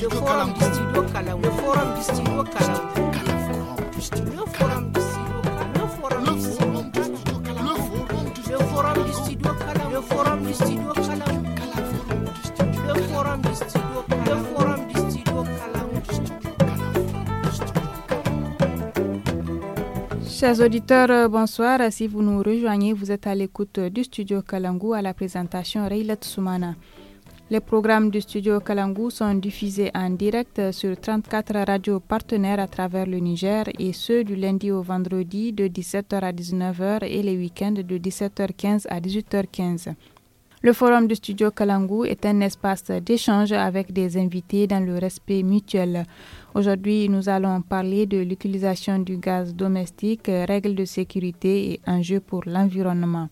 le forum Chers auditeurs, bonsoir. Si vous nous rejoignez, vous êtes à l'écoute du studio Kalangu à la présentation Reilat Soumana. Les programmes du studio Kalangu sont diffusés en direct sur 34 radios partenaires à travers le Niger et ceux du lundi au vendredi de 17h à 19h et les week-ends de 17h15 à 18h15. Le forum du studio Kalangu est un espace d'échange avec des invités dans le respect mutuel. Aujourd'hui, nous allons parler de l'utilisation du gaz domestique, règles de sécurité et enjeux pour l'environnement.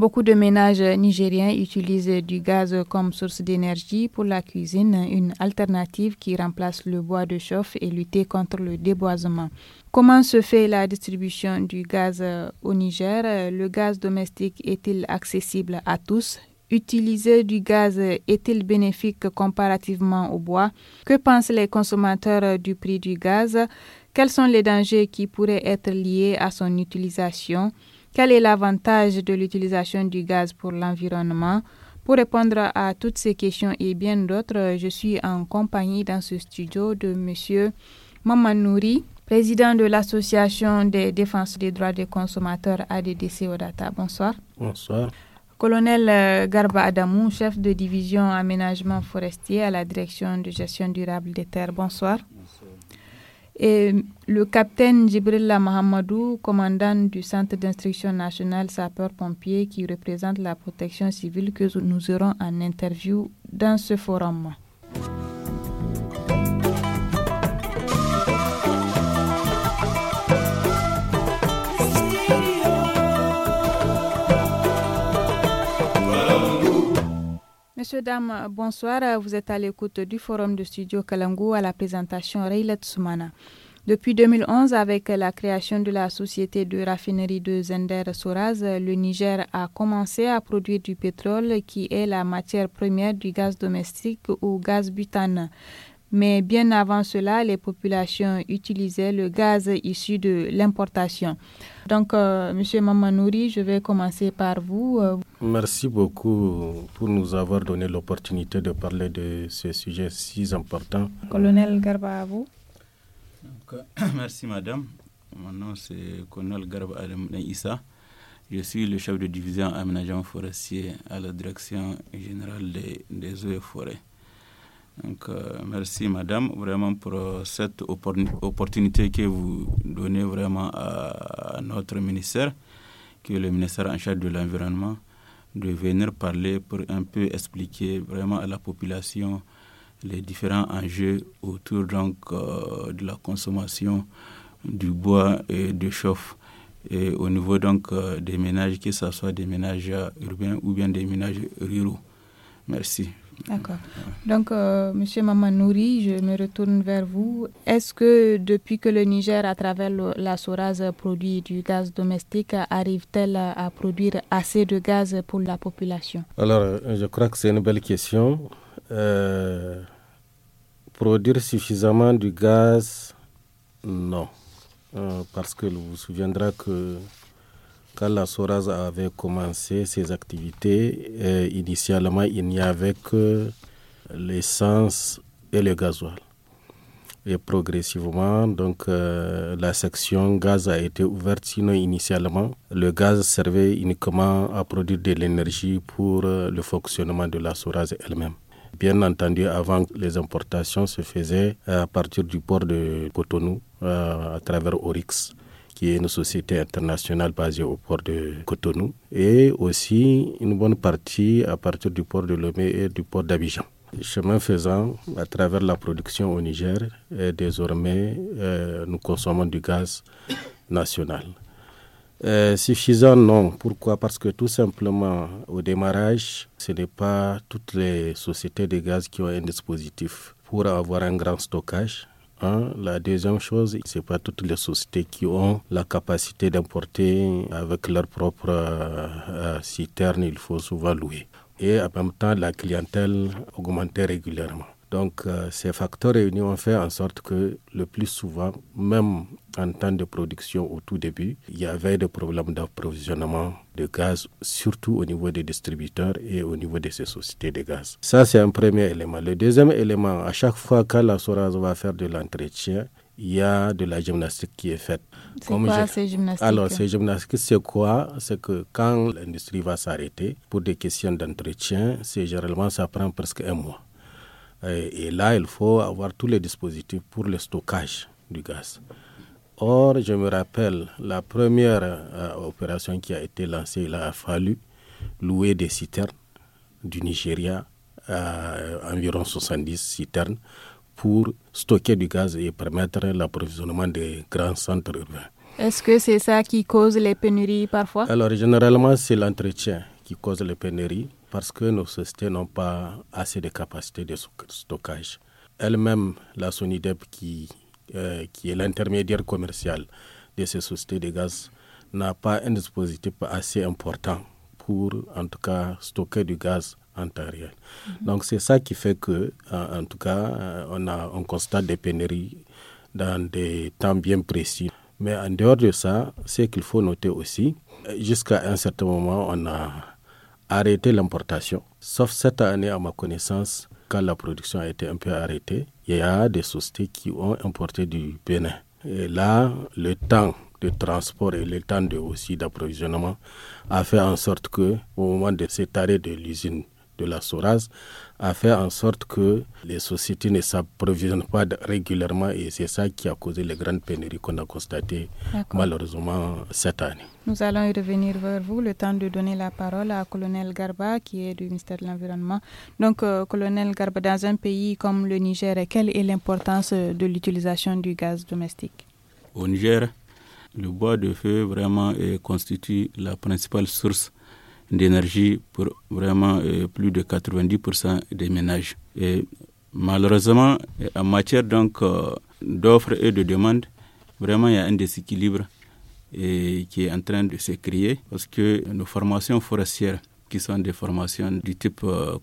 Beaucoup de ménages nigériens utilisent du gaz comme source d'énergie pour la cuisine, une alternative qui remplace le bois de chauffe et lutter contre le déboisement. Comment se fait la distribution du gaz euh, au Niger Le gaz domestique est-il accessible à tous Utiliser du gaz est-il bénéfique comparativement au bois Que pensent les consommateurs euh, du prix du gaz Quels sont les dangers qui pourraient être liés à son utilisation quel est l'avantage de l'utilisation du gaz pour l'environnement Pour répondre à toutes ces questions et bien d'autres, je suis en compagnie dans ce studio de Monsieur Mamanouri, président de l'Association des défenses des droits des consommateurs ADDC Odata. Bonsoir. Bonsoir. Colonel euh, Garba Adamou, chef de division aménagement forestier à la direction de gestion durable des terres. Bonsoir. Et le capitaine Jibril Mahamadou, commandant du Centre d'instruction nationale sapeur-pompier qui représente la protection civile que nous aurons en interview dans ce forum. Monsieur, dames, bonsoir. Vous êtes à l'écoute du forum de studio Kalangou à la présentation Raylet Soumana. Depuis 2011, avec la création de la société de raffinerie de Zender Soraz, le Niger a commencé à produire du pétrole qui est la matière première du gaz domestique ou gaz butane mais bien avant cela, les populations utilisaient le gaz issu de l'importation. Donc, M. Euh, Monsieur Mamanouri, je vais commencer par vous. Euh, merci beaucoup pour nous avoir donné l'opportunité de parler de ce sujet si important. Colonel Garba, à vous. Euh, merci, madame. Mon nom, c'est Colonel Garba Adam Issa. Je suis le chef de division aménagement forestier à la direction générale des eaux et forêts. Donc, euh, merci Madame vraiment pour euh, cette opportunité que vous donnez vraiment à, notre ministère, qui est le ministère en charge de l'environnement, de venir parler pour un peu expliquer vraiment à la population les différents enjeux autour donc euh, de la consommation du bois et du chauffe et au niveau donc des ménages, que ce soit des ménages urbains ou bien des ménages ruraux. Merci. D'accord. Donc, euh, Monsieur Mamanouri, je me retourne vers vous. Est-ce que depuis que le Niger, à travers la Soraz, produit du gaz domestique, arrive-t-elle à produire assez de gaz pour la population Alors, euh, je crois que c'est une belle question. Euh, produire suffisamment du gaz, non. Euh, parce que vous vous souviendrez que quand la SORAS avait commencé ses activités, euh, initialement, il n'y avait que l'essence et le gasoil. Et progressivement, donc, euh, la section gaz a été ouverte. Sinon, initialement, le gaz servait uniquement à produire de l'énergie pour euh, le fonctionnement de la SORAS elle-même. Bien entendu, avant, les importations se faisaient à partir du port de Cotonou, à travers Orix qui est une société internationale basée au port de Cotonou, et aussi une bonne partie à partir du port de Lomé et du port d'Abidjan. Chemin faisant, à travers la production au Niger, désormais, euh, nous consommons du gaz national. Euh, suffisant, non. Pourquoi Parce que tout simplement, au démarrage, ce n'est pas toutes les sociétés de gaz qui ont un dispositif pour avoir un grand stockage. La deuxième chose, ce n'est pas toutes les sociétés qui ont la capacité d'importer avec leur propre euh, euh, citerne, il faut souvent louer. Et en même temps, la clientèle augmentait régulièrement. Donc euh, ces facteurs réunis ont fait en sorte que le plus souvent, même en temps de production au tout début, il y avait des problèmes d'approvisionnement de gaz, surtout au niveau des distributeurs et au niveau de ces sociétés de gaz. Ça, c'est un premier élément. Le deuxième élément, à chaque fois que la SORAS va faire de l'entretien, il y a de la gymnastique qui est faite. C'est quoi ces gymnastiques Alors, ces gymnastiques, c'est quoi C'est que quand l'industrie va s'arrêter pour des questions d'entretien, c'est généralement ça prend presque un mois. Et là, il faut avoir tous les dispositifs pour le stockage du gaz. Or, je me rappelle, la première euh, opération qui a été lancée, il a fallu louer des citernes du Nigeria, euh, environ 70 citernes, pour stocker du gaz et permettre l'approvisionnement des grands centres urbains. Est-ce que c'est ça qui cause les pénuries parfois Alors, généralement, c'est l'entretien qui cause les pénuries parce que nos sociétés n'ont pas assez de capacités de stockage. Elle-même, la Sonidep, qui, euh, qui est l'intermédiaire commercial de ces sociétés de gaz, n'a pas un dispositif assez important pour, en tout cas, stocker du gaz en temps mhm. Donc, c'est ça qui fait que, en, tout cas, euh, on, a, on constate des pénuries dans des temps bien précis. Mais en dehors de ça, ce qu'il faut noter aussi, euh, jusqu'à un certain moment, on a arrêter l'importation. Sauf cette année, à ma connaissance, quand la production a été un peu arrêtée, il y a des sociétés qui ont importé du Bénin. Et là, le temps de transport et le temps de, aussi d'approvisionnement a fait en sorte que, au moment de cet arrêt de l'usine de la Soraz, a fait en sorte que les sociétés ne s'approvisionnent pas régulièrement et c'est ça qui a causé les grandes pénuries qu'on a constatées malheureusement cette année. Nous allons y revenir vers vous, le temps de donner la parole à Colonel Garba qui est du ministère de l'Environnement. Donc, euh, Colonel Garba, dans un pays comme le Niger, quelle est l'importance de l'utilisation du gaz domestique Au Niger, le bois de feu vraiment constitue la principale source d'énergie pour vraiment euh, plus de 90% des ménages. Et malheureusement, en matière donc euh, d'offres et de demandes, vraiment il y a un déséquilibre qui est en train de se créer parce que nos formations forestières, qui sont des formations du type euh,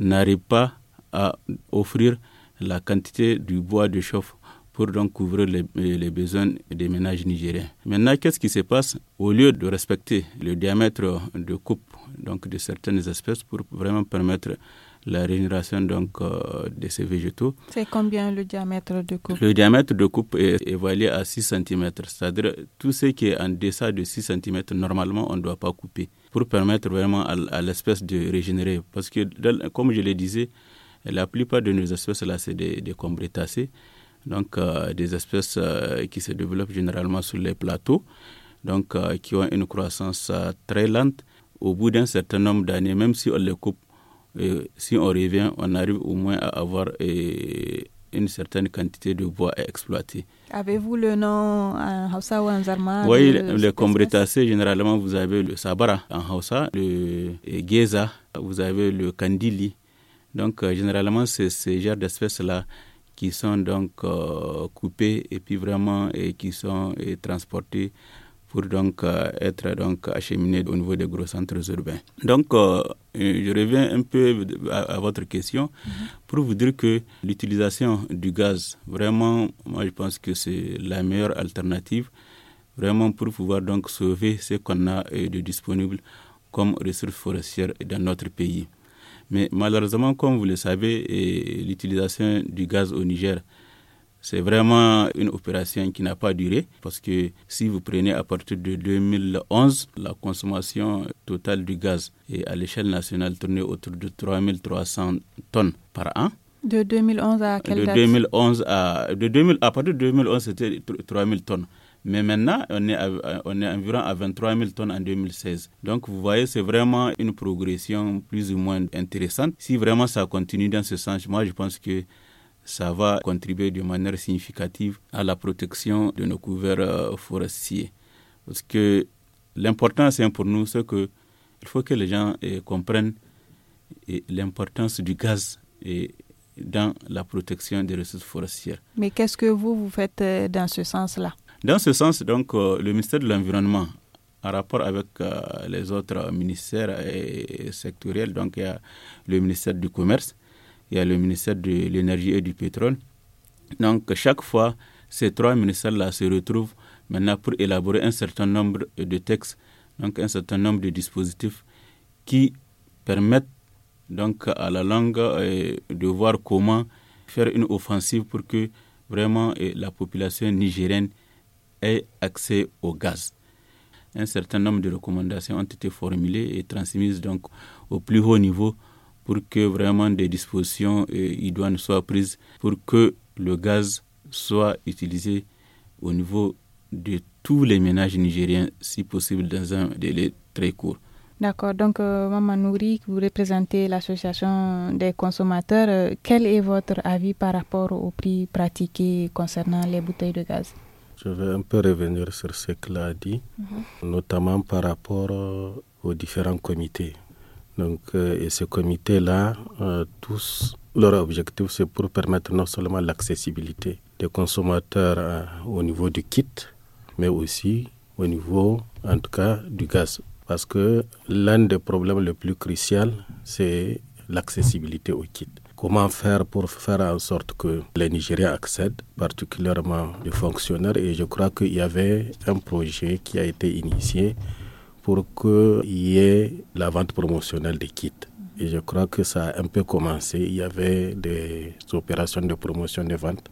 n'arrivent pas à offrir la quantité du bois de chauffe pour donc couvrir euh, les, besoins des ménages nigériens. Maintenant, qu'est-ce qui se passe Au lieu de respecter le diamètre de coupe donc, de certaines espèces pour vraiment permettre la régénération donc, euh, de ces végétaux. C'est combien le diamètre de coupe Le diamètre de coupe est évalué à 6 cm, c'est-à-dire tout ce qui est en dessous de 6 cm, normalement, on ne doit pas couper pour permettre vraiment à, l'espèce de régénérer. Parce que, comme je le disais, la plupart de nos espèces, là, c'est des, des combretacées donc euh, des espèces euh, qui se développent généralement sur les plateaux, donc euh, qui ont une croissance très lente. Au bout d'un certain nombre d'années, même si on les coupe, et si on revient, on arrive au moins à avoir une certaine quantité de bois à exploiter. Avez-vous le nom en Hausa ou en Zarma Oui, le, Combretacées, généralement, vous avez le Sabara en Hausa, le Geza, vous avez le Kandili. Donc, généralement, c'est ce genre d'espèces-là qui sont donc euh, coupés et puis vraiment et qui sont transportés pour donc euh, être donc acheminés au niveau des gros centres urbains. Donc euh, je reviens un peu à, votre question mhm. pour vous dire que l'utilisation du gaz vraiment moi je pense que c'est la meilleure alternative vraiment pour pouvoir donc sauver ce qu'on a de disponible comme ressources forestières dans notre pays. Mais malheureusement, comme vous le savez, l'utilisation du gaz au Niger, c'est vraiment une opération qui n'a pas duré parce que si vous prenez à partir de 2011, la consommation totale du gaz et à l'échelle nationale tournait autour de 3300 tonnes par an. De 2011 à quelle de 2011 à, de 2000, à partir de 2011, c'était 3000 tonnes. Mais maintenant, on est, on est environ à 23 000 tonnes en 2016. Donc, vous voyez, c'est vraiment une progression plus ou moins intéressante. Si vraiment ça continue dans ce sens, moi, je pense que ça va contribuer de manière significative à la protection de nos couverts euh, forestiers. Parce que l'important, c'est pour nous, c'est que il faut que les gens euh, comprennent l'importance du gaz dans la protection des ressources forestières. Mais qu'est-ce que vous, vous faites euh, dans ce sens-là dans ce sens, donc, euh, le ministère de l'Environnement, en rapport avec euh, les autres ministères et sectoriels, donc il y a le ministère du Commerce, il y a le ministère de l'Énergie et du Pétrole. Donc, chaque fois, ces trois ministères-là se retrouvent maintenant pour élaborer un certain nombre de textes, donc un certain nombre de dispositifs qui permettent donc à la langue euh, de voir comment faire une offensive pour que vraiment la population nigérienne ait accès au gaz. Un certain nombre de recommandations ont été formulées et transmises donc au plus haut niveau pour que vraiment des dispositions euh, idoines soient prises pour que le gaz soit utilisé au niveau de tous les ménages nigériens, si possible dans un délai très court. D'accord. Donc, euh, Maman vous représentez l'association des consommateurs. Euh, quel est votre avis par rapport au prix pratiqué concernant les bouteilles de gaz je vais un peu revenir sur ce que l'a dit, mhm. notamment par rapport euh, aux différents comités. Donc, euh, et ces comités-là, euh, tous, leur objectif, c'est pour permettre non seulement l'accessibilité des consommateurs au niveau du kit, mais aussi au niveau, en tout cas, du gaz. Parce que l'un des problèmes les plus cruciaux, c'est l'accessibilité au kit. Comment faire pour faire en sorte que les Nigériens accèdent, particulièrement les fonctionnaires Et je crois qu'il y avait un projet qui a été initié pour qu'il y ait la vente promotionnelle des kits. Et je crois que ça a un peu commencé. Il y avait des opérations de promotion de vente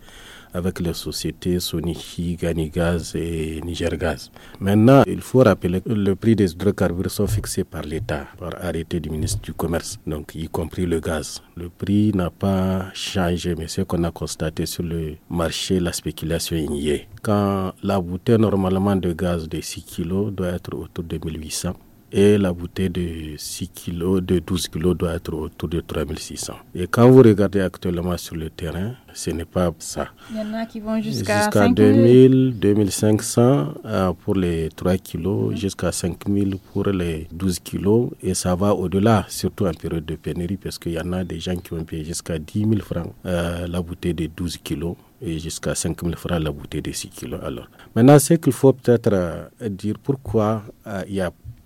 avec les sociétés Sonichi, Ganigaz et Nigergaz. Maintenant, il faut rappeler que le prix des hydrocarbures sont fixés par l'État, par arrêté du ministre du Commerce, donc y compris le gaz. Le prix n'a pas changé, mais ce qu'on a constaté sur le marché, la spéculation y est. Quand la bouteille normalement de gaz de 6 kg doit être autour de 1800, et la bouteille de 6 kg, de 12 kg doit être autour de 3600. Et quand vous regardez actuellement sur le terrain, ce n'est pas ça. Il y en a qui vont jusqu'à 2000, 2500 euh, pour les 3 kilos, mhm. jusqu'à 5000 pour les 12 kilos. Et ça va au-delà, surtout en période de pénurie, parce qu'il y en a des gens qui ont payé jusqu'à 10 000 francs euh, la bouteille de 12 kilos et jusqu'à 5 000 francs la bouteille de 6 kilos. Alors, maintenant, c'est qu'il faut peut-être euh, dire, pourquoi euh, il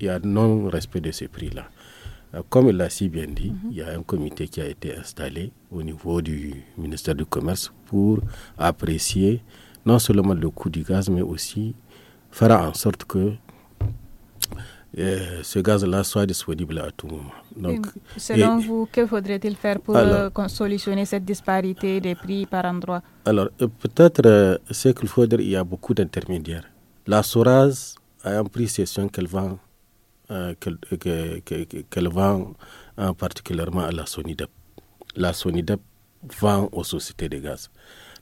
y, a, non-respect de ces prix-là euh, Comme il l'a si bien dit, mhm. il y a un comité qui a été installé au niveau du ministère du Commerce pour apprécier non seulement le coût du gaz, mais aussi faire en sorte que ce gaz-là soit disponible à tout moment. Selon vous, que faudrait-il faire pour euh, solutionner cette disparité des prix par endroit Alors, euh, peut-être euh, ce qu'il faudrait, il y a beaucoup d'intermédiaires. La SORAS a un prix session qu'elle vend, qu'elle vend en hein, particulièrement à la SONIDEP. La SONIDEP vend aux sociétés de gaz.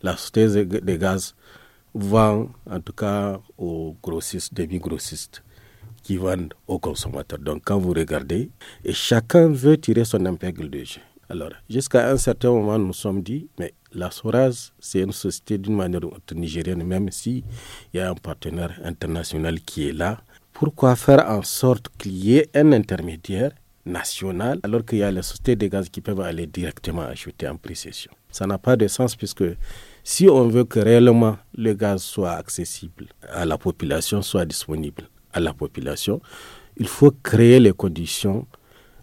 La société de gaz vend en tout cas aux grossistes, demi-grossistes qui vendent aux consommateurs. Donc quand vous regardez, et chacun veut tirer son impègle de jeu. Alors, jusqu'à un certain moment, nous sommes dit, mais la Soraz, c'est une société d'une manière ou autre nigérienne, même s'il y a un partenaire international qui est là. Pourquoi faire en sorte qu'il y ait un intermédiaire national alors qu'il y a les sociétés de gaz qui peuvent aller directement acheter en précession Ça n'a pas de sens puisque si on veut que réellement le gaz soit accessible à la population, soit disponible, à la population, il faut créer les conditions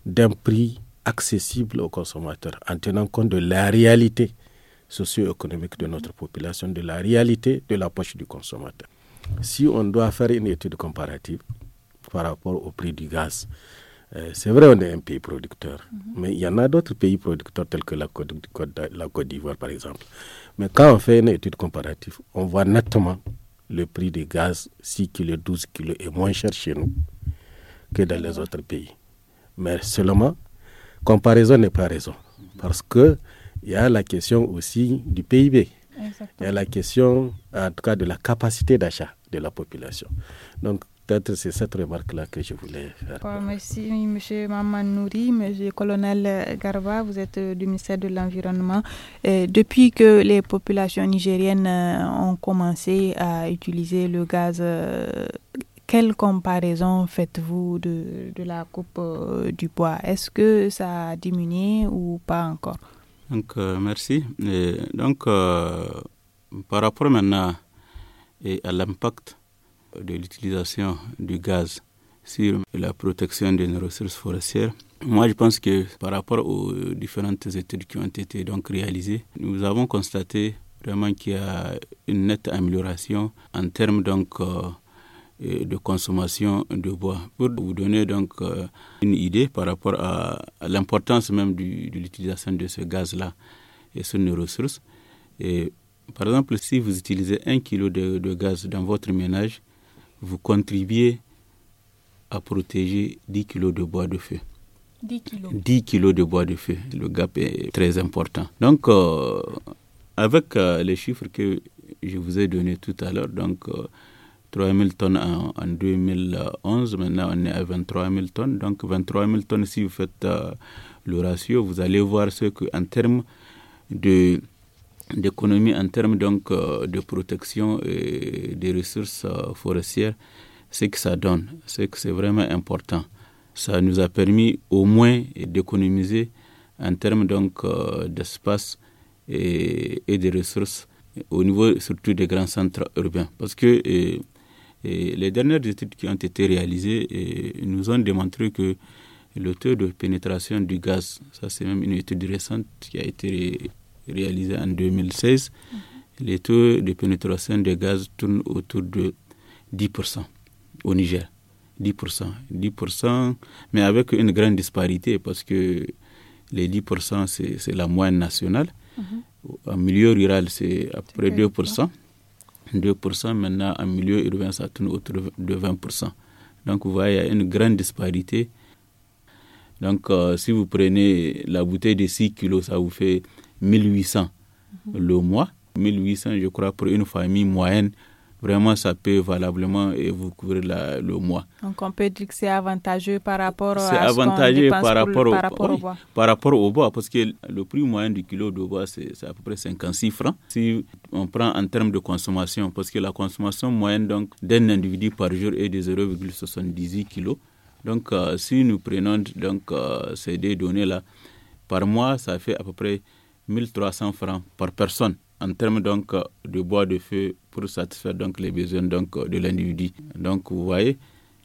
d'un prix accessible aux consommateurs en tenant compte de la réalité socio-économique de notre population, de la réalité de la poche du consommateur. Si on doit faire une étude comparative par rapport au prix du gaz, euh, c'est vrai, on est un pays producteur, mhm. mais il y en a d'autres pays producteurs tels que la Côte d'Ivoire, par exemple. Mais quand on fait une étude comparative, on voit nettement le prix du gaz 6 kg, 12 kg est moins cher chez nous que dans les autres pays. Mais seulement, comparaison n'est pas raison. Parce qu'il y a la question aussi du PIB. Il y a la question, en tout cas, de la capacité d'achat de la population. Donc, Peut-être c'est cette remarque-là que je voulais faire. Bon, merci, M. Nouri, M. Colonel Garba, vous êtes euh, du ministère de l'Environnement. Euh, depuis que les populations nigériennes euh, ont commencé à utiliser le gaz, quelle comparaison faites-vous de, la coupe du bois Est-ce que ça a diminué ou pas encore Donc, merci. donc, par rapport maintenant à l'impact de l'utilisation du gaz sur la protection des ressources forestières. Moi, je pense que par rapport aux différentes études qui ont été donc réalisées, nous avons constaté vraiment qu'il y a une nette amélioration en termes donc euh, de consommation de bois. Pour vous donner donc euh, une idée par rapport à, l'importance même de l'utilisation de ce gaz-là et sur nos ressources. Et, par exemple, si vous utilisez un kilo de gaz dans votre ménage, vous contribuez à protéger 10 kg de bois de feu. 10 kg 10 kilos de bois de feu. Le gap est très important. Donc, euh, avec euh, les chiffres que je vous ai donnés tout à l'heure, donc 3 euh, 3000 tonnes en, en, 2011, maintenant on est à 23 000 tonnes. Donc, 23 000 tonnes, si vous faites le ratio, vous allez voir ce qu'en termes de d'économie en termes donc euh, de protection des ressources euh, forestières, c'est que ça donne, c'est que c'est vraiment important. Ça nous a permis au moins d'économiser en termes donc euh, d'espace et, et, des ressources au niveau surtout des grands centres urbains. Parce que les dernières études qui ont été réalisées nous ont démontré que le taux de pénétration du gaz, ça c'est même une étude récente qui a été réalisé en 2016, mhm. les taux de pénétration de gaz tournent autour de 10% au Niger. 10%. 10%, mais avec une grande disparité parce que les 10%, c'est la moyenne nationale. Mhm. En milieu rural, c'est à peu près 2%. 2% maintenant, en milieu urbain, ça tourne autour de 20%. Donc, vous voyez, il y a une grande disparité. Donc, euh, si vous prenez la bouteille de 6 kilos, ça vous fait 1800 mhm. le mois. 1800, je crois, pour une famille moyenne, vraiment, ça peut valablement vous couvrir la, le mois. Donc, on peut dire que c'est avantageux par rapport à C'est avantageux par, rapport au, bois. Par rapport au bois, parce que le prix moyen du kilo de bois, c'est à peu près 56 francs. Si on prend en termes de consommation, parce que la consommation moyenne donc d'un individu par jour est de 0,78 kg. Donc, euh, si nous prenons donc, euh, ces deux données-là, par mois, ça fait à peu près 1300 francs par personne en termes donc euh, de bois de feu pour satisfaire donc les besoins donc euh, de l'individu. Donc vous voyez,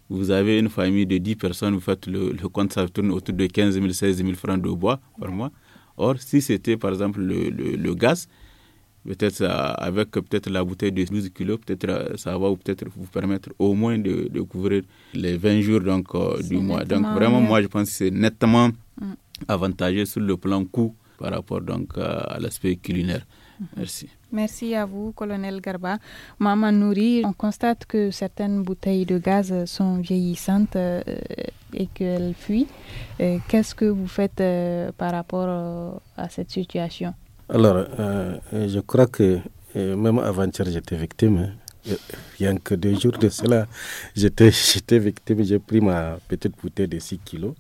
vous avez une famille de 10 personnes, vous faites le, compte, ça tourne autour de 15 000, 16 000 francs de bois par mois. Or, si c'était par exemple le, le, gaz, peut-être euh, avec peut-être la bouteille de 12 kilos, peut-être ça va peut-être vous permettre au moins de, couvrir les 20 jours donc, du mois. Donc vraiment, moi je pense que c'est nettement mm. avantageux sur le plan coût par rapport donc à l'aspect culinaire. Merci. Merci à vous, colonel Garba. Maman Nouri, on constate que certaines bouteilles de gaz sont vieillissantes euh, et qu'elles fuient. Euh, qu'est-ce que vous faites euh, par rapport à cette situation Alors, je crois que même avant-hier, j'étais victime. Il hein. a que deux jours de cela, j'étais victime. J'ai pris ma petite bouteille de 6 kilos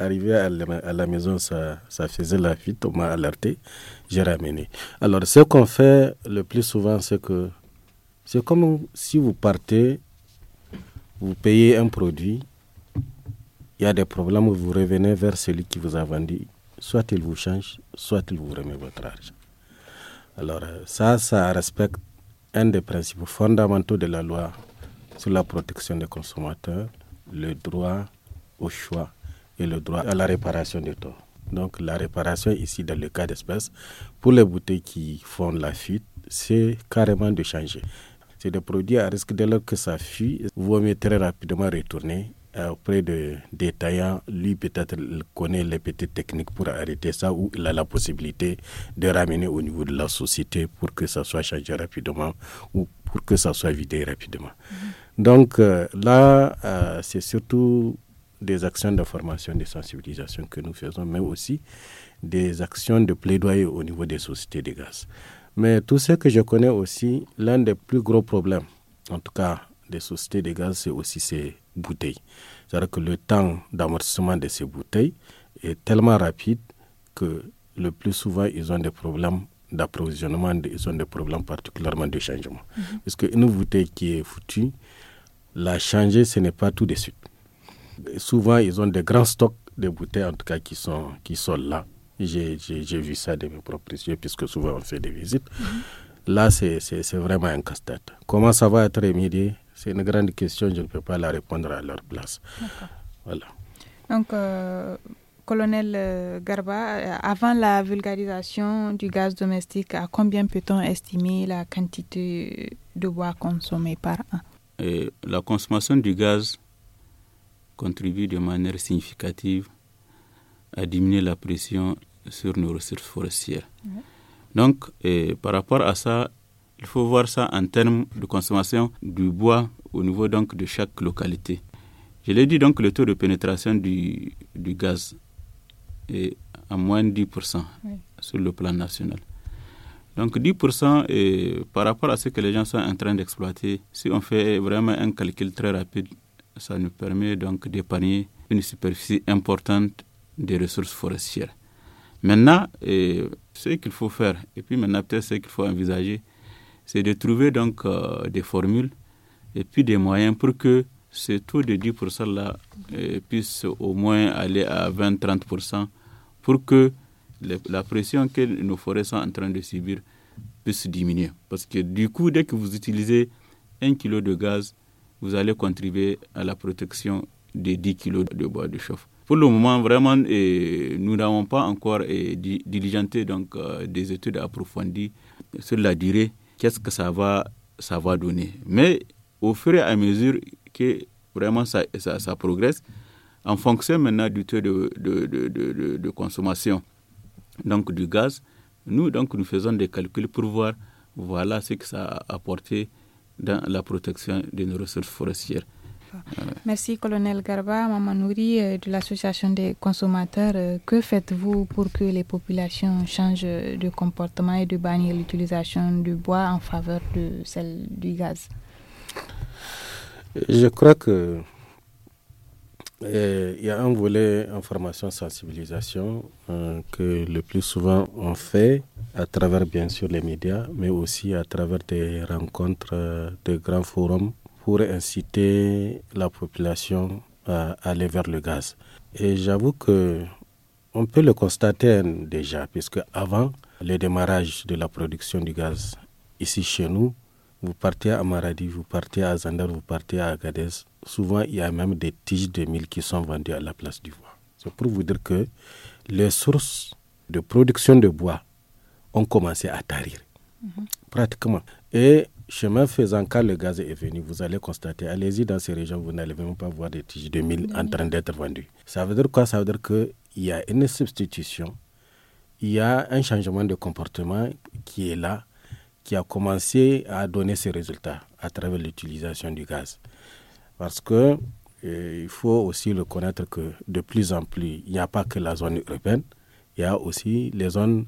arrivé à la, maison, ça, faisait la fuite. On m'a alerté. J'ai ramené. Alors, ce qu'on fait le plus souvent, c'est que c'est comme si vous partez, vous payez un produit, il y a des problèmes, vous revenez vers celui qui vous a vendu. Soit il vous change, soit il vous remet votre argent. Alors, ça, ça respecte un des principes fondamentaux de la loi sur la protection des consommateurs, le droit au choix et le droit à la réparation du temps. Donc la réparation ici, dans le cas d'espèce, pour les bouteilles qui font la fuite, c'est carrément de changer. C'est des produits à risque dès lors que ça fuit, Vous mieux très rapidement retourner euh, auprès de détaillant, lui peut-être connaît les petites techniques pour arrêter ça ou il a la possibilité de ramener au niveau de la société pour que ça soit changé rapidement ou pour que ça soit vidé rapidement. Mm-hmm. Donc euh, là, euh, c'est surtout des actions d'information, de sensibilisation que nous faisons, mais aussi des actions de plaidoyer au niveau des sociétés de gaz. Mais tout ce que je connais aussi, l'un des plus gros problèmes, en tout cas des sociétés de gaz, c'est aussi ces bouteilles. C'est-à-dire que le temps d'amortissement de ces bouteilles est tellement rapide que le plus souvent, ils ont des problèmes d'approvisionnement, ils ont des problèmes particulièrement de changement. Mm Parce qu'une bouteille qui est foutue, la changer, ce n'est pas tout de suite souvent, ils ont des grands stocks de bouteilles, en tout cas, qui sont, qui sont là. J'ai vu ça de mes propres yeux, puisque souvent on fait des visites. Mm-hmm. Là, c'est vraiment un casse-tête. Comment ça va être remédié C'est une grande question, je ne peux pas la répondre à leur place. Voilà. Donc, euh, colonel euh, Garba, euh, avant la vulgarisation du gaz domestique, à combien peut-on estimer la quantité de bois consommée par an Et La consommation du gaz contribue de manière significative à diminuer la pression sur nos ressources forestières. Donc, par rapport à ça, il faut voir ça en termes de consommation du bois au niveau donc de chaque localité. Je l'ai dit donc, le taux de pénétration du, gaz est à moins de 10% sur le plan national. Donc 10% par rapport à ce que les gens sont en train d'exploiter, si on fait vraiment un calcul très rapide, ça nous permet donc d'épargner une superficie importante des ressources forestières. Maintenant, ce qu'il faut faire, et puis maintenant peut-être ce qu'il faut envisager, c'est de trouver donc euh, des formules et puis des moyens pour que ce taux de 10% là euh, puisse au moins aller à 20-30% pour que la pression que nos forêts sont en train de subir puisse diminuer. Parce que du coup, dès que vous utilisez un kilo de gaz vous allez contribuer à la protection des 10 kg de bois de chauffe. Pour le moment, vraiment, nous n'avons pas encore diligenté donc, euh, des études approfondies sur la durée, qu'est-ce que ça va, ça va donner. Mais au fur et à mesure que vraiment ça, ça, progresse, en fonction maintenant du taux de, de, de, consommation donc du gaz, nous, donc, nous faisons des calculs pour voir voilà ce que ça a apporté dans la protection de nos ressources forestières. Merci, colonel Garba, Mamanouri euh, de l'Association des consommateurs. Euh, que faites-vous pour que les populations changent de comportement et de bannir l'utilisation du bois en faveur de celle du gaz Je crois que euh, il y a un volet information, sensibilisation euh, que le plus souvent on fait à travers bien sûr les médias, mais aussi à travers des rencontres, des euh, de grands forums pour inciter la population à aller vers le gaz. Et j'avoue que on peut le constater hein, déjà, puisque avant le démarrage de la production du gaz ici chez nous, vous partez à Maradi, vous partez à Zander, vous partez à Agadez, souvent il y a même des tiges de mil qui sont vendues à la place du bois. C'est pour vous dire que les sources de production de bois ont commencé à tarir, mhm. pratiquement. Et chemin faisant, quand le gaz est venu, vous allez constater, allez-y dans ces régions, vous n'allez même pas voir des tiges de mil en train mhm. d'être vendues. Ça veut dire quoi Ça veut dire qu'il y a une substitution, il y a un changement de comportement qui est là, qui a commencé à donner ses résultats à travers l'utilisation du gaz. Parce que il faut aussi le connaître que de plus en plus, il n'y a pas que la zone urbaine, il y a aussi les zones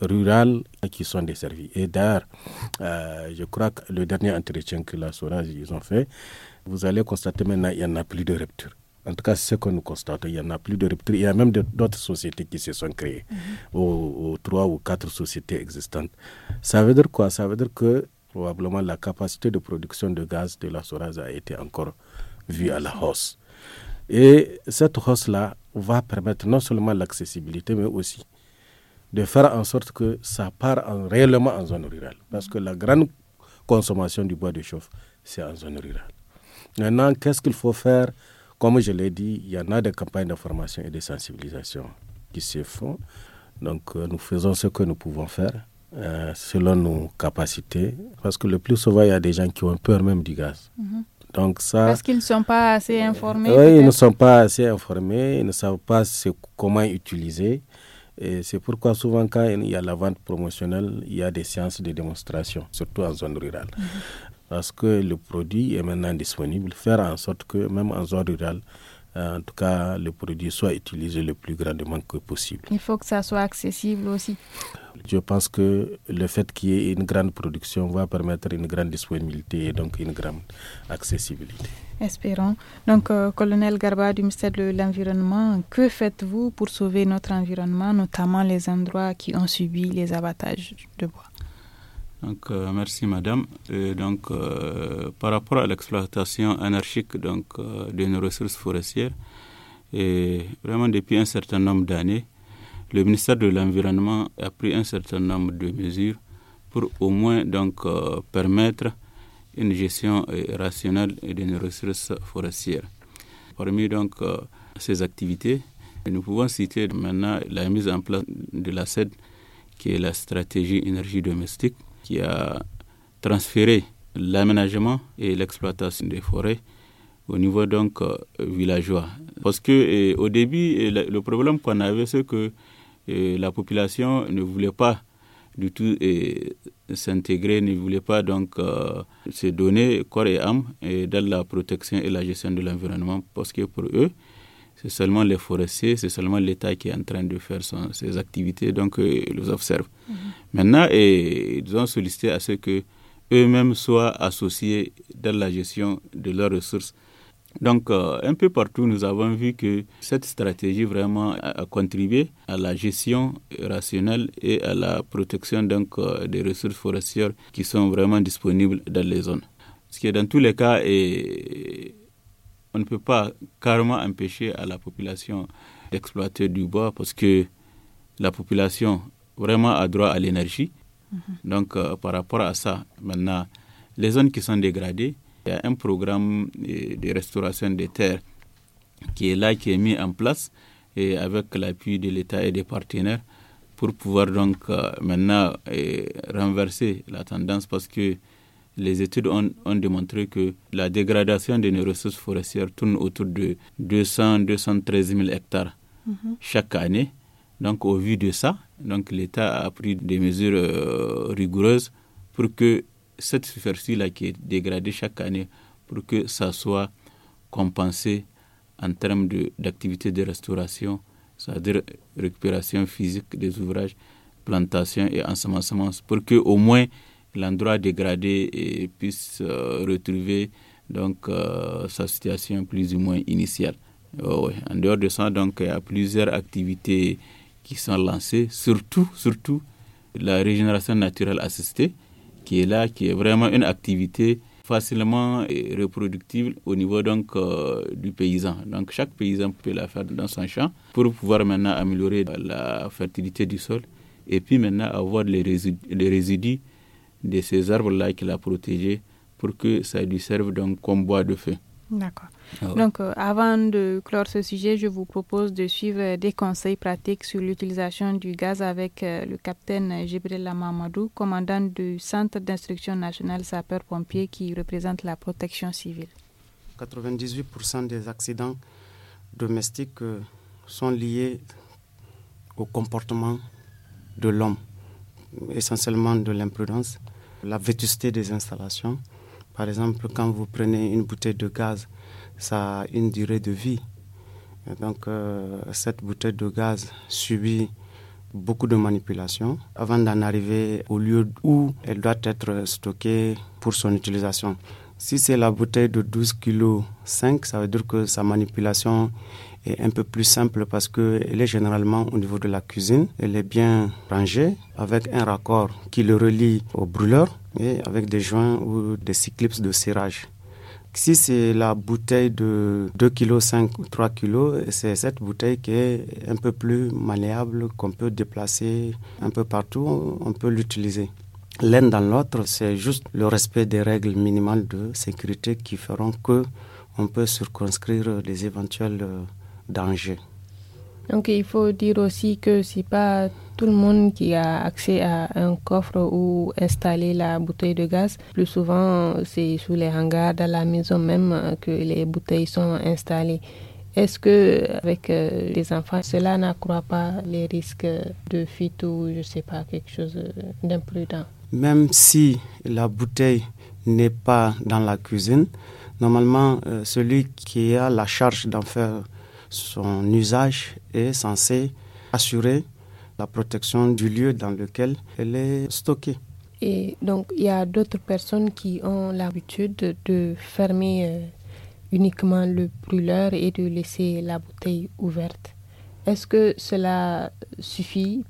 rurales qui sont desservies. Et d'ailleurs, euh, je crois que le dernier entretien que la SORAS ils ont fait, vous allez constater maintenant qu'il n'y en a plus de rupture. En tout cas, c'est ce que nous constatons. Il n'y en a plus de rupture. Il y a même d'autres sociétés qui se sont créées, mhm. aux, trois ou quatre sociétés existantes. Ça veut dire quoi Ça veut dire que probablement la capacité de production de gaz de la Soraz a été encore vue à la hausse. Et cette hausse-là va permettre non seulement l'accessibilité, mais aussi de faire en sorte que ça part réellement en zone rurale. Parce que la grande consommation du bois de chauffe, c'est en zone rurale. Maintenant, qu'est-ce qu'il faut faire Comme je l'ai dit, il y en a des campagnes d'information et de sensibilisation qui se font. Donc, euh, nous faisons ce que nous pouvons faire. Euh, selon nos capacités. Parce que le plus souvent, il y a des gens qui ont peur même du gaz. Mhm. Donc ça, Parce qu'ils ne sont pas assez informés. Oui, ils ne sont pas assez informés, ils ne savent pas comment utiliser. Et c'est pourquoi souvent quand il y a la vente promotionnelle, il y a des séances de démonstration, surtout en zone rurale. Mhm. Parce que le produit est maintenant disponible, faire en sorte que même en zone rurale, euh, en tout cas, le produit soit utilisé le plus grandement que possible. Il faut que ça soit accessible aussi. Je pense que le fait qu'il y ait une grande production va permettre une grande disponibilité et donc une grande accessibilité. Espérons. Donc, euh, colonel Garba du ministère de l'Environnement, que faites-vous pour sauver notre environnement, notamment les endroits qui ont subi les abattages de bois euh, merci Madame. donc, euh, par rapport à l'exploitation anarchique donc, euh, de nos ressources forestières, et vraiment depuis un certain nombre d'années, le ministère de l'Environnement a pris un certain nombre de mesures pour au moins donc, permettre une gestion rationnelle des nos ressources forestières. Parmi donc, ces activités, nous pouvons citer maintenant la mise en place de la SED, qui est la stratégie énergie domestique qui a transféré l'aménagement et l'exploitation des forêts au niveau donc euh, villageois. Parce que au début, le problème qu'on avait, c'est que la population ne voulait pas du tout s'intégrer, ne voulait pas donc euh, se donner corps et âme dans la protection et la gestion de l'environnement, parce que pour eux, c'est seulement les forestiers, c'est seulement l'État qui est en train de faire ses activités, donc euh, ils les observent. Mhm. Maintenant, et, ils ont sollicité à ce que eux-mêmes soient associés dans la gestion de leurs ressources. Donc, euh, un peu partout, nous avons vu que cette stratégie vraiment a, contribué à la gestion rationnelle et à la protection donc, euh, des ressources forestières qui sont vraiment disponibles dans les zones. Ce qui est dans tous les cas est on ne peut pas carrément empêcher à la population d'exploiter du bois parce que la population vraiment a droit à l'énergie. Mhm. Donc euh, par rapport à ça, maintenant, les zones qui sont dégradées, il y a un programme euh, de restauration des terres qui est là, qui est mis en place et avec l'appui de l'État et des partenaires pour pouvoir donc euh, maintenant renverser la tendance parce que les études ont, démontré que la dégradation des ressources forestières tourne autour de 200-213 000 hectares mhm. chaque année. Donc, au vu de ça, donc l'État a pris des mesures euh, rigoureuses pour que cette superficie-là qui est dégradée chaque année, pour que ça soit compensé en termes d'activités de, de restauration, c'est-à-dire récupération physique des ouvrages, plantation et ensemencement, pour que au moins l'endroit dégradé puisse euh, retrouver donc euh, sa situation plus ou moins initiale. Oh, en dehors de ça, donc, il y a plusieurs activités qui sont lancées, surtout, surtout la régénération naturelle assistée, qui est là, qui est vraiment une activité facilement reproductible au niveau donc euh, du paysan. Donc chaque paysan peut la faire dans son champ pour pouvoir maintenant améliorer la fertilité du sol et puis maintenant avoir les résidus de ces arbres-là qu'il a protégés pour que ça lui serve donc comme bois de feu. D'accord. Ah donc, euh, avant de clore ce sujet, je vous propose de suivre des conseils pratiques sur l'utilisation du gaz avec euh, le capitaine Gibril Mamadou, commandant du Centre d'instruction nationale sapeur pompiers qui représente la protection civile. 98% des accidents domestiques euh, sont liés au comportement de l'homme essentiellement de l'imprudence, la vétusté des installations. Par exemple, quand vous prenez une bouteille de gaz, ça a une durée de vie. donc euh, cette bouteille de gaz subit beaucoup de manipulations avant d'en arriver au lieu où elle doit être stockée pour son utilisation. Si c'est la bouteille de 12 kg 5, ça veut dire que sa manipulation un peu plus simple parce qu'elle est généralement au niveau de la cuisine. Elle est bien rangée avec un raccord qui le relie au brûleur et avec des joints ou des cyclips de serrage. Si c'est la bouteille de 2 kg, 5 ou 3 kg, c'est cette bouteille qui est un peu plus malléable, qu'on peut déplacer un peu partout, on peut l'utiliser. L'un dans l'autre, c'est juste le respect des règles minimales de sécurité qui feront que on peut circonscrire les éventuels euh, donc il faut dire aussi que c'est pas tout le monde qui a accès à un coffre où installer la bouteille de gaz. Plus souvent, c'est sous les hangars, dans la maison même, que les bouteilles sont installées. Est-ce que avec les euh, enfants, cela n'accroît pas les risques de fuite ou je sais pas quelque chose d'imprudent Même si la bouteille n'est pas dans la cuisine, normalement, euh, celui qui a la charge d'en faire son usage est censé assurer la protection du lieu dans lequel elle est stockée. Et donc, il y a d'autres personnes qui ont l'habitude de fermer euh, uniquement le brûleur et de laisser la bouteille ouverte. Est-ce que cela suffit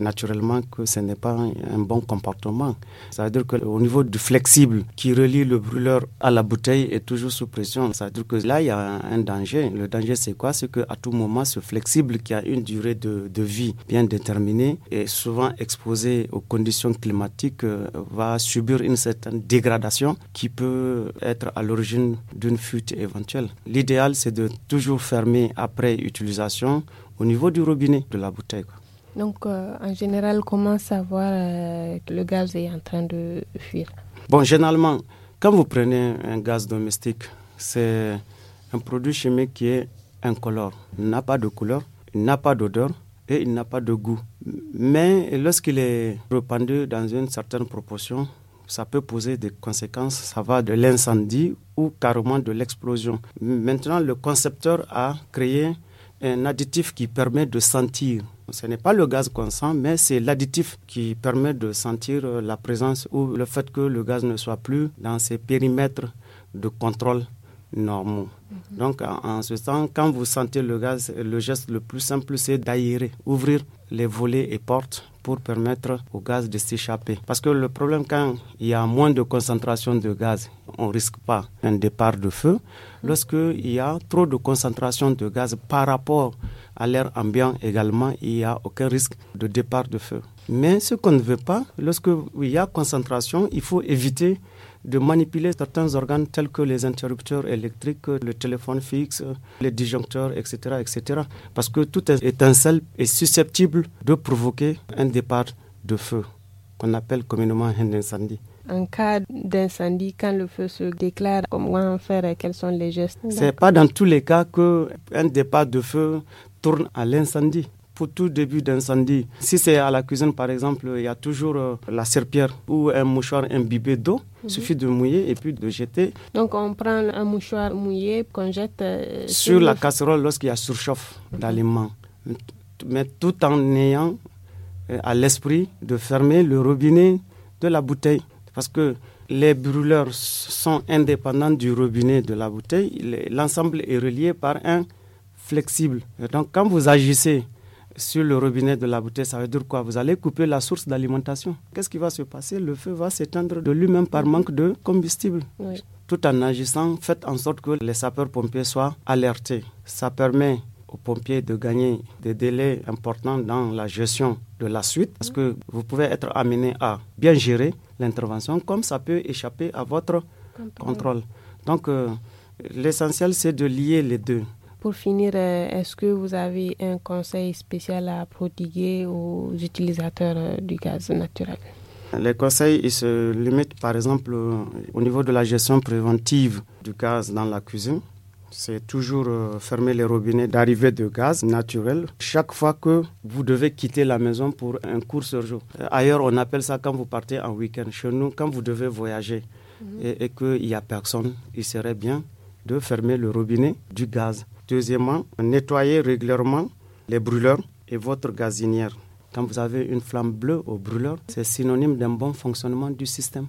naturellement que ce n'est pas un bon comportement. Ça veut dire qu'au niveau du flexible qui relie le brûleur à la bouteille est toujours sous pression. Ça veut dire que là, il y a un danger. Le danger, c'est quoi C'est qu'à tout moment, ce flexible qui a une durée de, de, vie bien déterminée et souvent exposé aux conditions climatiques euh, va subir une certaine dégradation qui peut être à l'origine d'une fuite éventuelle. L'idéal, c'est de toujours fermer après utilisation au niveau du robinet de la bouteille. Donc, euh, en général, comment savoir euh, que le gaz est en train de fuir Bon, généralement, quand vous prenez un gaz domestique, c'est un produit chimique qui est incolore. Il n'a pas de couleur, il n'a pas d'odeur et il n'a pas de goût. Mais lorsqu'il est répandu dans une certaine proportion, ça peut poser des conséquences. Ça va de l'incendie ou carrément de l'explosion. Maintenant, le concepteur a créé un additif qui permet de sentir ce n'est pas le gaz qu'on sent, mais c'est l'additif qui permet de sentir euh, la présence ou le fait que le gaz ne soit plus dans ses périmètres de contrôle normaux. Mhm. Donc, en ce sens, quand vous sentez le gaz, le geste le plus simple, c'est d'aérer, ouvrir les volets et portes pour permettre au gaz de s'échapper. Parce que le problème, quand il y a moins de concentration de gaz, on ne risque pas un départ de feu. Mhm. Lorsqu'il y a trop de concentration de gaz par rapport à l'air ambiant également, il n'y a aucun risque de départ de feu. Mais ce qu'on ne veut pas, lorsque il y a concentration, il faut éviter de manipuler certains organes tels que les interrupteurs électriques, le téléphone fixe, les disjoncteurs, etc., etc. Parce que toute étincelle est susceptible de provoquer un départ de feu, qu'on appelle communément un incendie. En cas d'incendie, quand le feu se déclare, comment faire et quels sont les gestes Ce n'est pas dans tous les cas qu'un départ de feu tourne à l'incendie. Pour tout début d'incendie, si c'est à la cuisine par exemple, il y a toujours euh, la serpillère ou un mouchoir imbibé d'eau. Il suffit de mouiller et puis de jeter. Donc on prend un mouchoir mouillé qu'on jette euh, sur la casserole lorsqu'il y a surchauffe d'aliments. Mais tout en ayant euh, à l'esprit de fermer le robinet de la bouteille. Parce que les brûleurs sont indépendants du robinet de la bouteille. L'ensemble est relié par un flexible. donc, quand vous agissez sur le robinet de la bouteille, ça veut dire quoi Vous allez couper la source d'alimentation. Qu'est-ce qui va se passer Le feu va s'éteindre de lui-même par manque de combustible. Tout en agissant, faites en sorte que les sapeurs-pompiers soient alertés. Ça permet aux pompiers de gagner des délais importants dans la gestion de la suite, parce que vous pouvez être amené à bien gérer l'intervention, comme ça peut échapper à votre contrôle. Donc, euh, l'essentiel, c'est de lier les deux. Pour finir, euh, est-ce que vous avez un conseil spécial à prodiguer aux utilisateurs euh, du gaz naturel les conseils ils se limitent par exemple euh, au niveau de la gestion préventive du gaz dans la cuisine. C'est toujours fermer les robinets d'arrivée de gaz naturel chaque fois que vous devez quitter la maison pour un court séjour. Ailleurs, on appelle ça quand vous partez en week-end. Chez nous, quand vous devez voyager mhm. et, et qu'il n'y a personne, il serait bien de fermer le robinet du gaz. Deuxièmement, nettoyez régulièrement les brûleurs et votre gazinière. Quand vous avez une flamme bleue au brûleur, c'est synonyme d'un bon fonctionnement du système.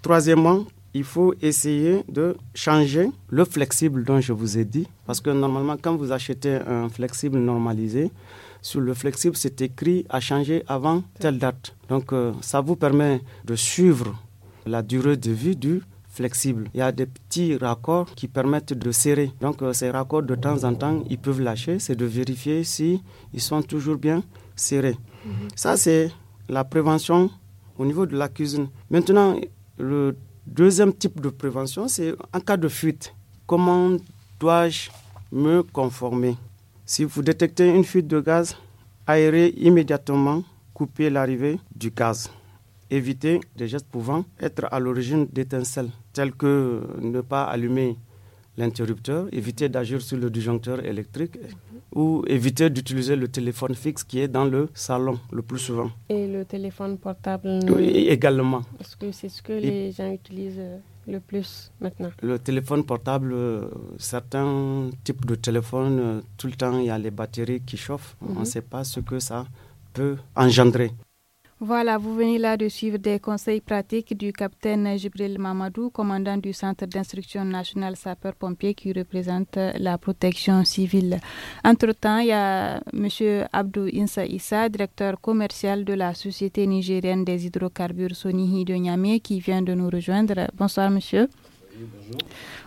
Troisièmement, il faut essayer de changer le flexible dont je vous ai dit. Parce que normalement, quand vous achetez un flexible normalisé, sur le flexible, c'est écrit à changer avant telle date. Donc, euh, ça vous permet de suivre la durée de vie du flexible. Il y a des petits raccords qui permettent de serrer. Donc euh, ces raccords, de temps en temps, ils peuvent lâcher. C'est de vérifier si ils sont toujours bien serrés. Mhm. Ça, c'est la prévention au niveau de la cuisine. Maintenant, le deuxième type de prévention, c'est en cas de fuite. Comment dois-je me conformer Si vous détectez une fuite de gaz, aérez immédiatement, coupez l'arrivée du gaz éviter des gestes pouvant être à l'origine d'étincelles, telles que ne pas allumer l'interrupteur, éviter d'agir sur le disjoncteur électrique mhm. ou éviter d'utiliser le téléphone fixe qui est dans le salon le plus souvent. Et le téléphone portable Oui, également. Est-ce que c'est ce que les gens utilisent euh, le plus maintenant. Le téléphone portable, euh, certains types de téléphones, euh, tout le temps, il y a les batteries qui chauffent. On ne mhm. sait pas ce que ça peut engendrer. Voilà, vous venez là de suivre des conseils pratiques du capitaine Jibril Mamadou, commandant du Centre d'instruction nationale sapeur pompiers qui représente la protection civile. Entre-temps, il y a M. Abdou Insa Issa, directeur commercial de la Société nigérienne des hydrocarbures Sonihi de Niamey, qui vient de nous rejoindre. Bonsoir, monsieur.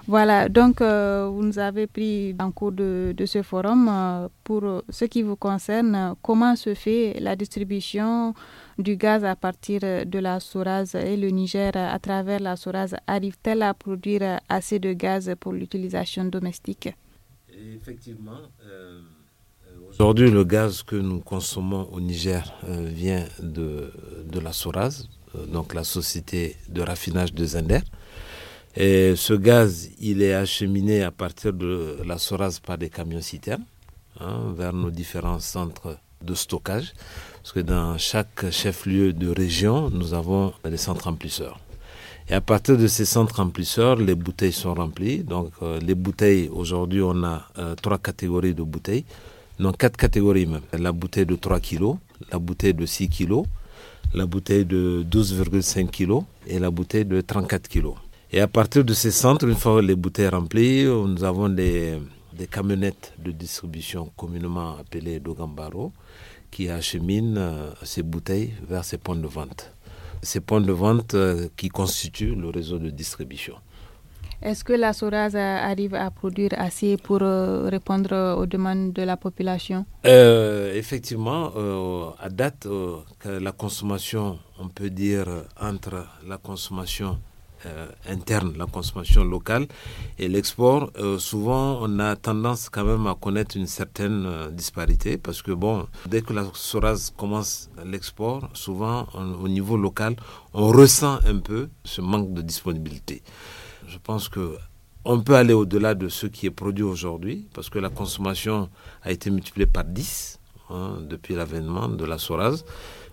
Voilà, donc euh, vous nous avez pris en cours de, ce forum euh, pour ce qui vous concerne, euh, comment se fait la distribution du gaz à partir de la Souraz et le Niger à travers la Souraz arrive-t-elle à produire assez de gaz pour l'utilisation domestique Effectivement, aujourd'hui le gaz que nous consommons au Niger vient de, de la Souraz, donc la société de raffinage de Zender. Et ce gaz, il est acheminé à partir de la Soraz par des camions-citernes hein, vers nos différents centres de stockage. Parce que dans chaque chef-lieu de région, nous avons des centres remplisseurs. Et à partir de ces centres remplisseurs, les bouteilles sont remplies. Donc euh, les bouteilles, aujourd'hui, on a euh, trois catégories de bouteilles. Non, quatre catégories même. La bouteille de 3 kg, la bouteille de 6 kg, la bouteille de 12,5 kg et la bouteille de 34 kg. Et à partir de ces centres, une fois les bouteilles remplies, nous avons des, camionnettes de distribution communément appelées Dogambaro qui acheminent euh, ces bouteilles vers ces points de vente. Ces points de vente euh, qui constituent le réseau de distribution. Est-ce que la SORAS arrive à produire assez pour euh, répondre aux demandes de la population Effectivement, à date, que la consommation, on peut dire entre la consommation euh, interne, la consommation locale et l'export, euh, souvent on a tendance quand même à connaître une certaine euh, disparité parce que bon, dès que la SORAS commence l'export, souvent au niveau local, on ressent un peu ce manque de disponibilité. Je pense que on peut aller au-delà de ce qui est produit aujourd'hui parce que la consommation a été multipliée par 10 hein, depuis l'avènement de la SORAS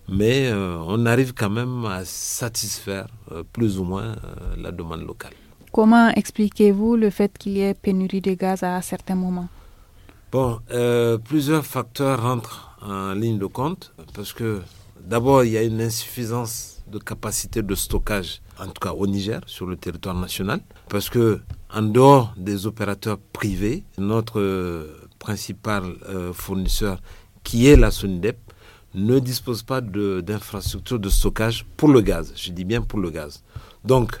mais euh, on arrive quand même à satisfaire euh, plus ou moins euh, la demande locale. Comment expliquez-vous le fait qu'il y ait pénurie de gaz à certains moments Bon, plusieurs facteurs rentrent en ligne de compte parce que d'abord il y a une insuffisance de capacité de stockage, en tout cas au Niger, sur le territoire national, parce que en dehors des opérateurs privés, notre principal fournisseur qui est la SUNDEP ne dispose pas d'infrastructures de, stockage pour le gaz. Je dis bien pour le gaz. Donc,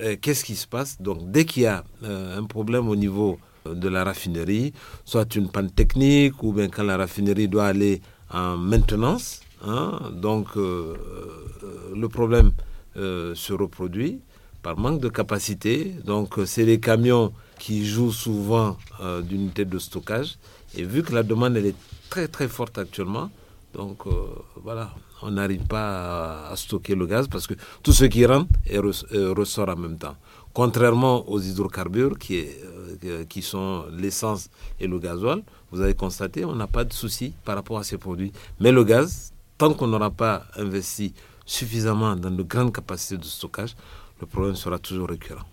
euh, qu'est-ce qui se passe Donc, dès qu'il y a euh, un problème au niveau euh, de la raffinerie, soit une panne technique, ou bien quand la raffinerie doit aller en maintenance, hein, donc le problème se reproduit par manque de capacité. Donc, c'est les camions qui jouent souvent d'unités de stockage. Et vu que la demande elle est très très forte actuellement, donc euh, voilà, on n'arrive pas à, stocker le gaz parce que tout ce qui rentre euh, ressort en même temps. Contrairement aux hydrocarbures qui, euh, qui sont l'essence et le gasoil, vous avez constaté, on n'a pas de souci par rapport à ces produits. Mais le gaz, tant qu'on n'aura pas investi suffisamment dans de grandes capacités de stockage, le problème sera toujours récurrent.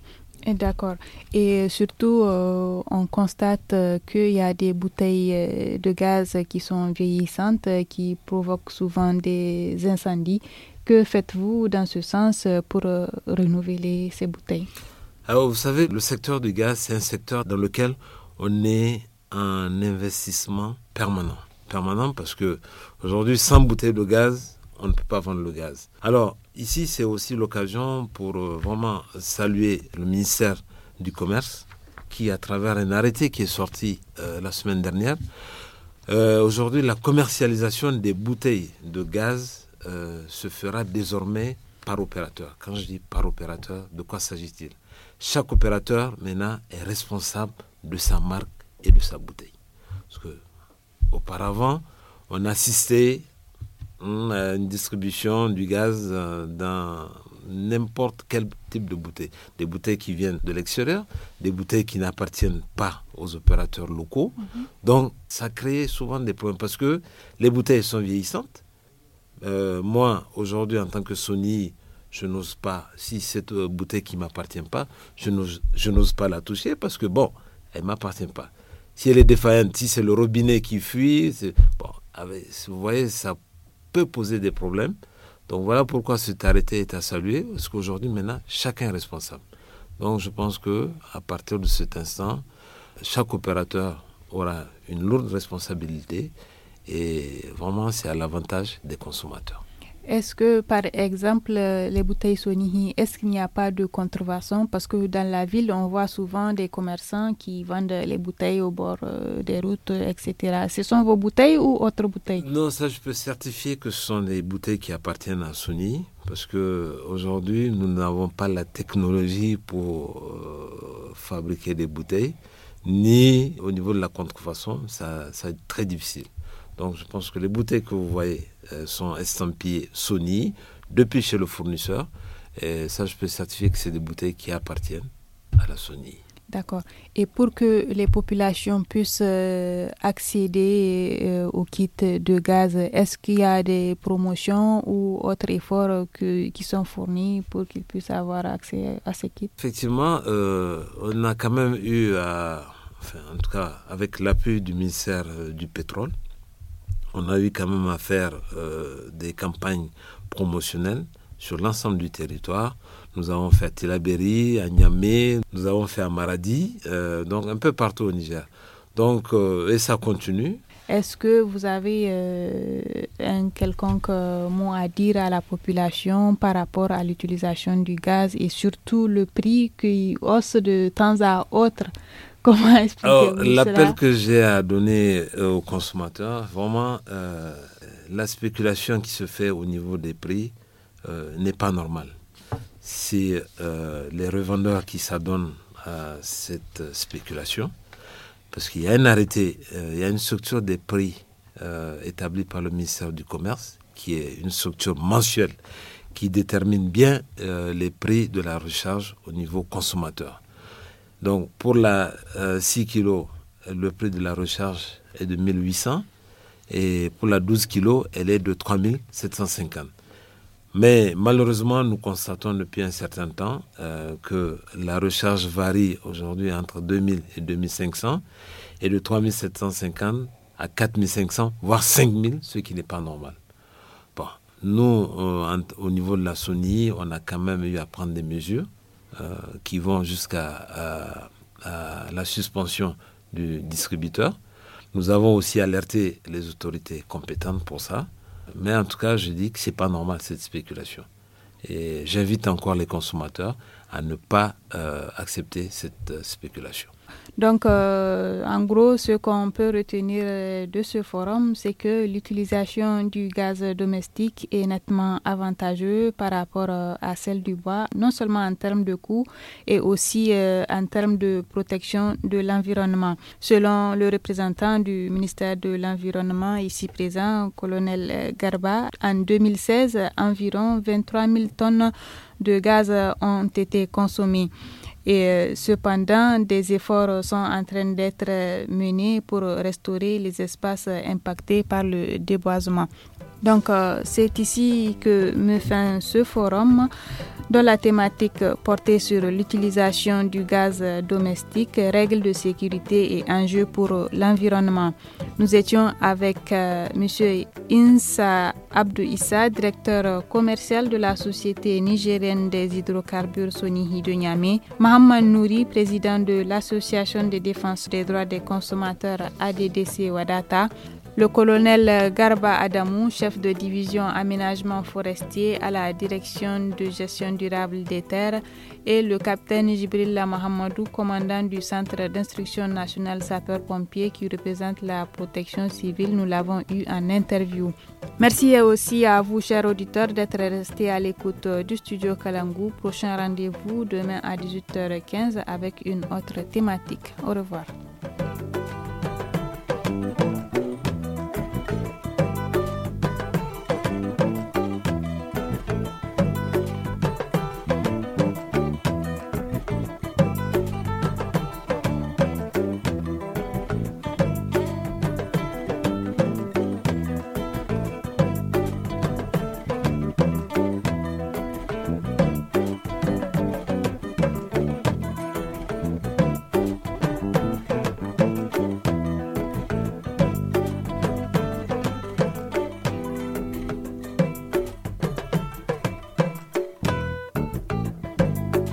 Eh, d'accord. Et surtout, euh, on constate euh, qu'il y a des bouteilles euh, de gaz qui sont vieillissantes, qui provoquent souvent des incendies. Que faites-vous dans ce sens pour renouveler ces bouteilles Alors, vous savez, le secteur du gaz, c'est un secteur dans lequel on est en investissement permanent. Permanent parce que aujourd'hui, sans bouteilles de gaz, on ne peut pas vendre le gaz. Alors, Ici, c'est aussi l'occasion pour euh, vraiment saluer le ministère du Commerce qui, à travers un arrêté qui est sorti euh, la semaine dernière, euh, aujourd'hui, la commercialisation des bouteilles de gaz se fera désormais par opérateur. Quand je dis par opérateur, de quoi s'agit-il Chaque opérateur, maintenant, est responsable de sa marque et de sa bouteille. Parce que, auparavant, on assistait une distribution du gaz euh, dans n'importe quel type de bouteille. Des bouteilles qui viennent de l'extérieur, des bouteilles qui n'appartiennent pas aux opérateurs locaux. Mhm. Donc, ça crée souvent des problèmes parce que les bouteilles sont vieillissantes. Euh, moi, aujourd'hui, en tant que Sony, je n'ose pas, si cette euh, bouteille qui ne m'appartient pas, je n'ose pas la toucher parce que, bon, elle ne m'appartient pas. Si elle est défaillante, si c'est le robinet qui fuit, bon, vous voyez, ça peut poser des problèmes. Donc voilà pourquoi cet arrêté est à saluer, parce qu'aujourd'hui, maintenant, chacun est responsable. Donc je pense que à partir de cet instant, chaque opérateur aura une lourde responsabilité et vraiment c'est à l'avantage des consommateurs. Est-ce que, par exemple, les bouteilles Sony, est-ce qu'il n'y a pas de contrefaçon Parce que dans la ville, on voit souvent des commerçants qui vendent les bouteilles au bord euh, des routes, euh, etc. Ce sont vos bouteilles ou autres bouteilles Non, ça, je peux certifier que ce sont des bouteilles qui appartiennent à Sony. Parce que aujourd'hui, nous n'avons pas la technologie pour euh, fabriquer des bouteilles, ni au niveau de la contrefaçon. Ça, ça est très difficile. Donc, je pense que les bouteilles que vous voyez euh, sont estampillés Sony depuis chez le fournisseur. Et ça, je peux certifier que c'est des bouteilles qui appartiennent à la Sony. D'accord. Et pour que les populations puissent euh, accéder euh, aux kits de gaz, est-ce qu'il y a des promotions ou autres efforts qui sont fournis pour qu'ils puissent avoir accès à ces kits Effectivement, on a quand même eu, enfin, en tout cas avec l'appui du ministère du pétrole, on a eu quand même à faire euh, des campagnes promotionnelles sur l'ensemble du territoire. Nous avons fait à Tilaberi, à Niamey, nous avons fait à Maradi, euh, donc un peu partout au Niger. Donc, euh, et ça continue. Est-ce que vous avez un quelconque mot à dire à la population par rapport à l'utilisation du gaz et surtout le prix qui hausse de temps à autre L'appel que j'ai à donner euh, aux consommateurs, vraiment, euh, la spéculation qui se fait au niveau des prix euh, n'est pas normale. C'est les revendeurs qui s'adonnent à cette spéculation, parce qu'il y a un arrêté, il y a une structure des prix établie par le ministère du Commerce, qui est une structure mensuelle qui détermine bien les prix de la recharge au niveau consommateur. Donc pour la 6 euh, kg, le prix de la recharge est de 1800 et pour la 12 kg, elle est de 3750. Mais malheureusement, nous constatons depuis un certain temps euh, que la recharge varie aujourd'hui entre 2000 et 2500 et de 3750 à 4500, voire 5000, ce qui n'est pas normal. Bon, nous, euh, au niveau de la Sony, on a quand même eu à prendre des mesures. Euh, qui vont jusqu'à euh, la suspension du distributeur. Nous avons aussi alerté les autorités compétentes pour ça. Mais en tout cas, je dis que ce n'est pas normal cette spéculation. Et j'invite encore les consommateurs à ne pas euh, accepter cette spéculation. Donc, euh, en gros, ce qu'on peut retenir euh, de ce forum, c'est que l'utilisation du gaz domestique est nettement avantageuse par rapport euh, à celle du bois, non seulement en termes de coût, et aussi en termes de protection de l'environnement. Selon le représentant du ministère de l'Environnement ici présent, colonel Garba, en 2016, environ 23 000 tonnes de gaz ont été consommées. Et euh, cependant, des efforts sont en train d'être menés pour restaurer les espaces impactés par le déboisement. Donc euh, c'est ici que me fin ce forum dont la thématique portée sur l'utilisation du gaz domestique, règles de sécurité et enjeux pour l'environnement. Nous étions avec euh, M. Insa Abdou Issa, directeur commercial de la Société nigérienne des hydrocarbures Sonihi hidonyame Mohamed Nouri, président de l'Association de défense des droits des consommateurs ADDC Wadata, le colonel Garba Adamou, chef de division aménagement forestier à la direction de gestion durable des terres, et le capitaine Jibril Mahamadou, commandant du centre d'instruction nationale sapeur-pompier qui représente la protection civile, nous l'avons eu en interview. Merci aussi à vous, chers auditeurs, d'être restés à l'écoute du studio Kalangou. Prochain rendez-vous demain à 18h15 avec une autre thématique. Au revoir.